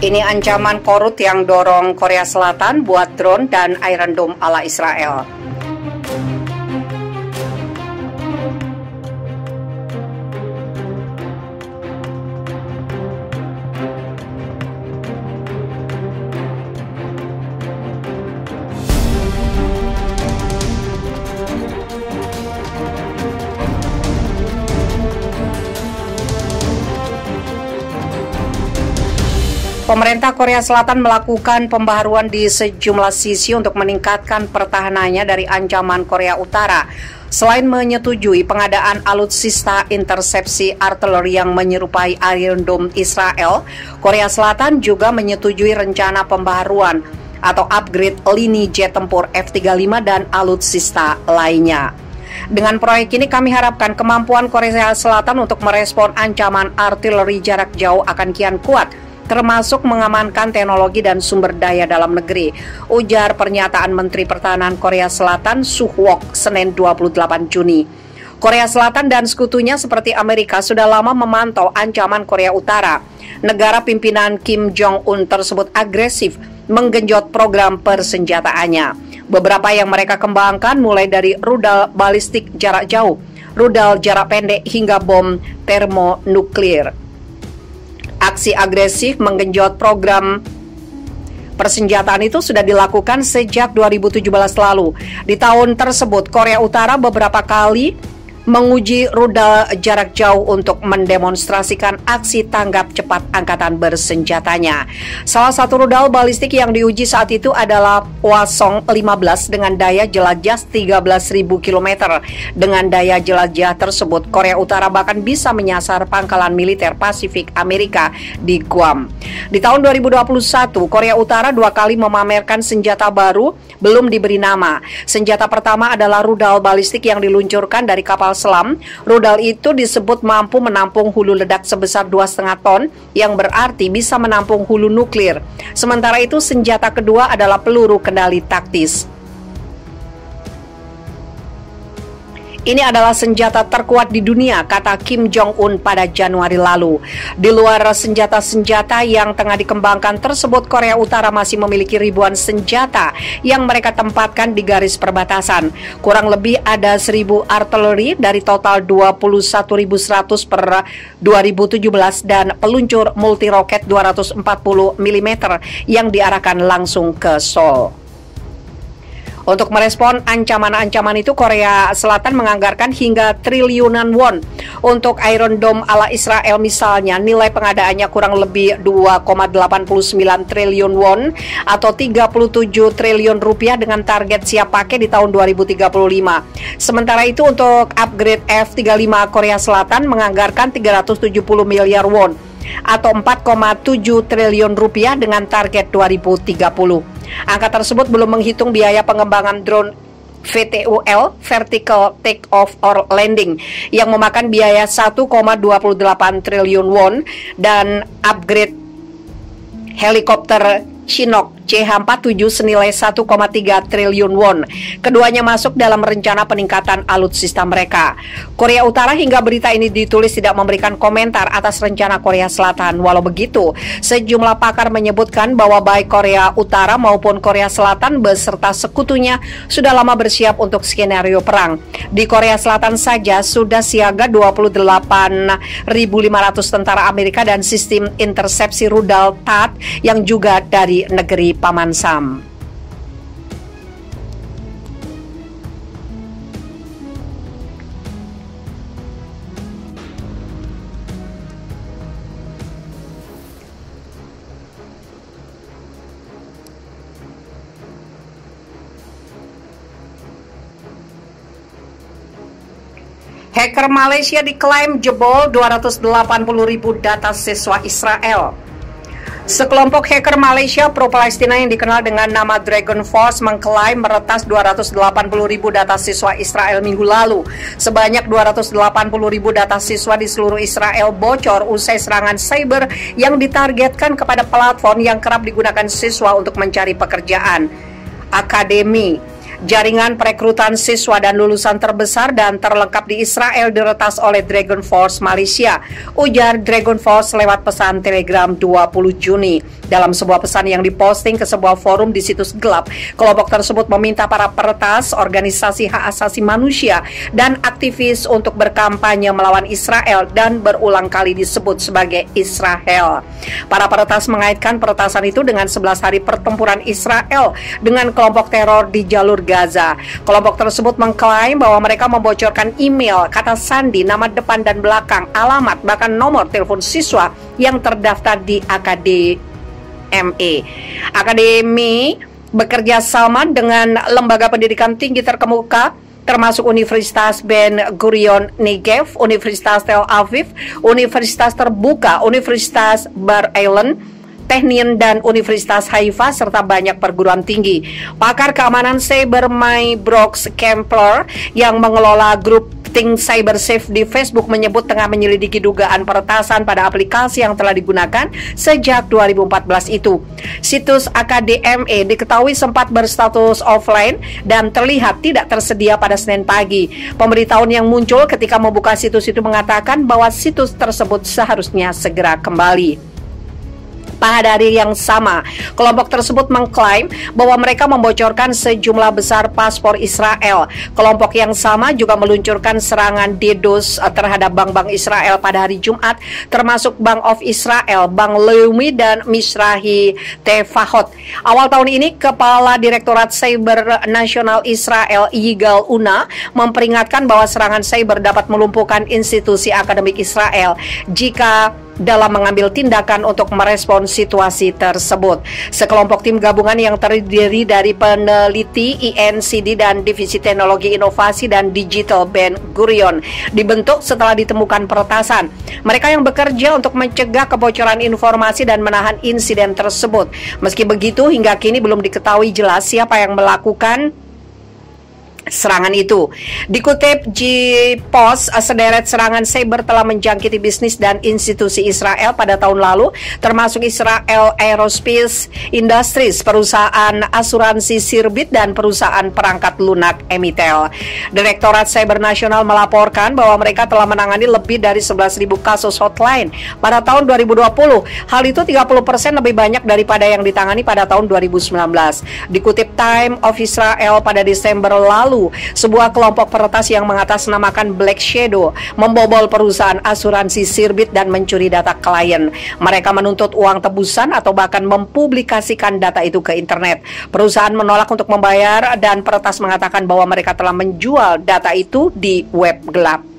Ini ancaman korut yang dorong Korea Selatan buat drone dan Iron Dome ala Israel. Pemerintah Korea Selatan melakukan pembaharuan di sejumlah sisi untuk meningkatkan pertahanannya dari ancaman Korea Utara. Selain menyetujui pengadaan alutsista intersepsi artileri yang menyerupai Iron Dome Israel, Korea Selatan juga menyetujui rencana pembaharuan atau upgrade lini jet tempur F-35 dan alutsista lainnya. Dengan proyek ini kami harapkan kemampuan Korea Selatan untuk merespon ancaman artileri jarak jauh akan kian kuat termasuk mengamankan teknologi dan sumber daya dalam negeri. Ujar pernyataan Menteri Pertahanan Korea Selatan Wok Senin 28 Juni. Korea Selatan dan sekutunya seperti Amerika sudah lama memantau ancaman Korea Utara. Negara pimpinan Kim Jong-un tersebut agresif menggenjot program persenjataannya. Beberapa yang mereka kembangkan mulai dari rudal balistik jarak jauh, rudal jarak pendek hingga bom termonuklir. Aksi agresif menggenjot program Persenjataan itu sudah dilakukan sejak 2017 lalu. Di tahun tersebut, Korea Utara beberapa kali menguji rudal jarak jauh untuk mendemonstrasikan aksi tanggap cepat angkatan bersenjatanya. Salah satu rudal balistik yang diuji saat itu adalah Wasong 15 dengan daya jelajah 13.000 km. Dengan daya jelajah tersebut, Korea Utara bahkan bisa menyasar pangkalan militer Pasifik Amerika di Guam. Di tahun 2021, Korea Utara dua kali memamerkan senjata baru belum diberi nama. Senjata pertama adalah rudal balistik yang diluncurkan dari kapal selam, rudal itu disebut mampu menampung hulu ledak sebesar 2,5 ton yang berarti bisa menampung hulu nuklir. Sementara itu senjata kedua adalah peluru kendali taktis. Ini adalah senjata terkuat di dunia, kata Kim Jong-un pada Januari lalu. Di luar senjata-senjata yang tengah dikembangkan tersebut, Korea Utara masih memiliki ribuan senjata yang mereka tempatkan di garis perbatasan. Kurang lebih ada 1.000 artileri dari total 21.100 per 2017 dan peluncur multi roket 240 mm yang diarahkan langsung ke Seoul. Untuk merespon ancaman-ancaman itu, Korea Selatan menganggarkan hingga triliunan won. Untuk Iron Dome ala Israel misalnya, nilai pengadaannya kurang lebih 2,89 triliun won atau 37 triliun rupiah dengan target siap pakai di tahun 2035. Sementara itu untuk upgrade F-35 Korea Selatan menganggarkan 370 miliar won atau 4,7 triliun rupiah dengan target 2030. Angka tersebut belum menghitung biaya pengembangan drone VTOL (Vertical Take Off or Landing) yang memakan biaya 1,28 triliun won dan upgrade helikopter Chinook CH-47 senilai 1,3 triliun won. Keduanya masuk dalam rencana peningkatan alutsista mereka. Korea Utara hingga berita ini ditulis tidak memberikan komentar atas rencana Korea Selatan. Walau begitu, sejumlah pakar menyebutkan bahwa baik Korea Utara maupun Korea Selatan beserta sekutunya sudah lama bersiap untuk skenario perang. Di Korea Selatan saja sudah siaga 28.500 tentara Amerika dan sistem intersepsi rudal TAT yang juga dari negeri Paman Sam. Hacker Malaysia diklaim jebol 280 ribu data siswa Israel Sekelompok hacker Malaysia pro-Palestina yang dikenal dengan nama Dragon Force mengklaim meretas 280 ribu data siswa Israel minggu lalu. Sebanyak 280 ribu data siswa di seluruh Israel bocor usai serangan cyber yang ditargetkan kepada platform yang kerap digunakan siswa untuk mencari pekerjaan. Akademi Jaringan perekrutan siswa dan lulusan terbesar dan terlengkap di Israel diretas oleh Dragon Force Malaysia. Ujar Dragon Force lewat pesan Telegram 20 Juni. Dalam sebuah pesan yang diposting ke sebuah forum di situs gelap, kelompok tersebut meminta para peretas, organisasi hak asasi manusia, dan aktivis untuk berkampanye melawan Israel dan berulang kali disebut sebagai Israel. Para peretas mengaitkan peretasan itu dengan 11 hari pertempuran Israel dengan kelompok teror di jalur Gaza. Kelompok tersebut mengklaim bahwa mereka membocorkan email, kata sandi, nama depan dan belakang, alamat, bahkan nomor telepon siswa yang terdaftar di AKDME. Akademi bekerja sama dengan lembaga pendidikan tinggi terkemuka termasuk Universitas Ben Gurion Negev, Universitas Tel Aviv, Universitas Terbuka, Universitas Bar Island, Teknin dan Universitas Haifa serta banyak perguruan tinggi. Pakar keamanan cyber My Brooks Kempler yang mengelola grup Think Cyber Safe di Facebook menyebut tengah menyelidiki dugaan peretasan pada aplikasi yang telah digunakan sejak 2014 itu. Situs AKDME diketahui sempat berstatus offline dan terlihat tidak tersedia pada Senin pagi. Pemberitahuan yang muncul ketika membuka situs itu mengatakan bahwa situs tersebut seharusnya segera kembali pada hari yang sama. Kelompok tersebut mengklaim bahwa mereka membocorkan sejumlah besar paspor Israel. Kelompok yang sama juga meluncurkan serangan DDoS eh, terhadap bank-bank Israel pada hari Jumat, termasuk Bank of Israel, Bank Leumi, dan Misrahi Tefahot. Awal tahun ini, Kepala Direktorat Cyber Nasional Israel, Yigal Una, memperingatkan bahwa serangan cyber dapat melumpuhkan institusi akademik Israel jika dalam mengambil tindakan untuk merespon situasi tersebut. Sekelompok tim gabungan yang terdiri dari peneliti INCD e dan Divisi Teknologi Inovasi dan Digital Ben Gurion dibentuk setelah ditemukan peretasan. Mereka yang bekerja untuk mencegah kebocoran informasi dan menahan insiden tersebut. Meski begitu, hingga kini belum diketahui jelas siapa yang melakukan serangan itu. Dikutip G-Post, eh, sederet serangan cyber telah menjangkiti bisnis dan institusi Israel pada tahun lalu, termasuk Israel Aerospace Industries, perusahaan asuransi Sirbit dan perusahaan perangkat lunak Emitel. Direktorat Cyber Nasional melaporkan bahwa mereka telah menangani lebih dari 11.000 kasus hotline pada tahun 2020. Hal itu 30% lebih banyak daripada yang ditangani pada tahun 2019. Dikutip Time of Israel pada Desember lalu, sebuah kelompok peretas yang mengatasnamakan Black Shadow membobol perusahaan asuransi Sirbit dan mencuri data klien. Mereka menuntut uang tebusan atau bahkan mempublikasikan data itu ke internet. Perusahaan menolak untuk membayar dan peretas mengatakan bahwa mereka telah menjual data itu di web gelap.